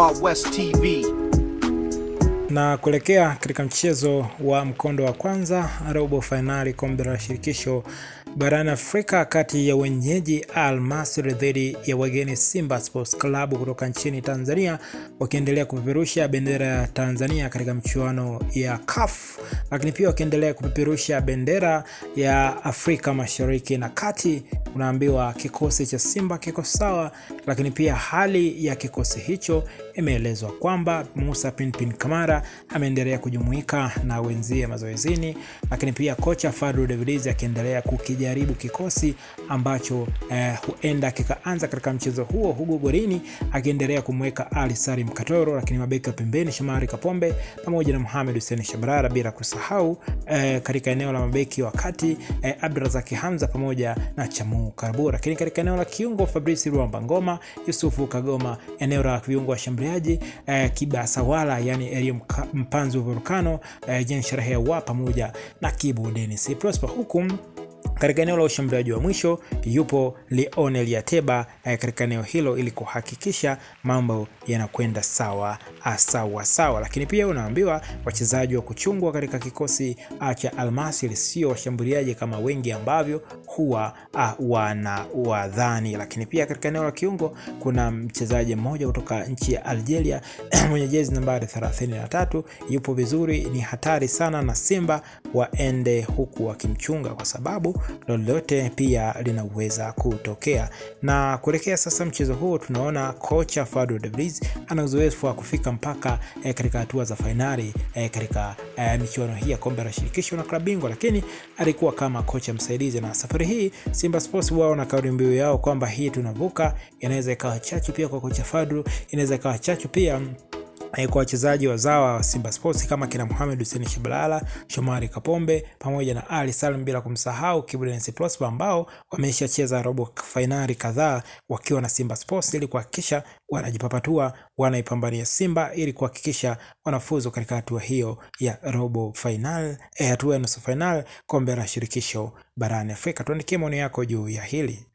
Wild West TV. Na kuelekea katika mchezo wa mkondo wa kwanza robo fainali kombe la shirikisho barani Afrika kati ya wenyeji Al Masry dhidi ya wageni Simba Sports Club kutoka nchini Tanzania, wakiendelea kupeperusha bendera ya Tanzania katika mchuano ya CAF, lakini pia wakiendelea kupeperusha bendera ya Afrika Mashariki na Kati unaambiwa kikosi cha Simba kiko sawa, lakini pia hali ya kikosi hicho imeelezwa kwamba Musa Pinpin Kamara ameendelea kujumuika na wenzie mazoezini, lakini pia kocha Fadlu Davids akiendelea kukijaribu kikosi ambacho eh, huenda kikaanza katika mchezo huo, huku golini akiendelea kumweka Ali Salim Katoro, lakini mabeki wa pembeni Shomari Kapombe pamoja na Mohamed Hussein Shabrara, bila kusahau eh, katika eneo la mabeki wa kati eh, Abdurazaki Hamza pamoja na Chamu Adamu Karbu. Lakini katika eneo la kiungo Fabrice Ruamba Ngoma, Yusufu Kagoma, eneo la viungo washambuliaji eh, Kibasawala yani Elio Mpanzu Volcano, eh, Jean Sherehe wa pamoja na Kibu Dennis Prosper huku katika eneo la ushambuliaji wa mwisho yupo Lionel Yateba eh, katika eneo hilo ili kuhakikisha mambo yanakwenda sawa ah, sawa sawa, lakini pia unaambiwa wachezaji wa kuchungwa katika kikosi ah, cha Almasry sio washambuliaji kama wengi ambavyo huwa ah, wana wadhani. Lakini pia katika eneo la kiungo kuna mchezaji mmoja kutoka nchi ya Algeria mwenye jezi nambari 33 yupo vizuri, ni hatari sana na Simba waende huku wakimchunga kwa sababu lolote pia linaweza kutokea. Na kuelekea sasa mchezo huo tunaona kocha de Vries ana uzoefu wa kufika mpaka eh, katika hatua za fainali eh, katika eh, michuano hii ya kombe la shirikisho na klabu bingwa, lakini alikuwa kama kocha msaidizi, na safari hii Simba Sports wao na kauli mbiu yao kwamba hii tunavuka, inaweza ikawa chachu pia kwa kocha Fadlu, inaweza ikawa chachu pia na iko wachezaji wazawa wa Simba Sports kama kina Mohamed Hussein Shabalala, Shomari Kapombe pamoja na Ali Salim, bila kumsahau Kibudensi Prosper ambao wameshacheza robo fainali kadhaa wakiwa na Simba Sports ili kuhakikisha wanajipapatua, wanaipambania Simba ili kuhakikisha wanafuzu katika hatua hiyo ya robo final, eh, hatua ya nusu final kombe la shirikisho barani Afrika. Tuandikie maoni yako juu ya hili.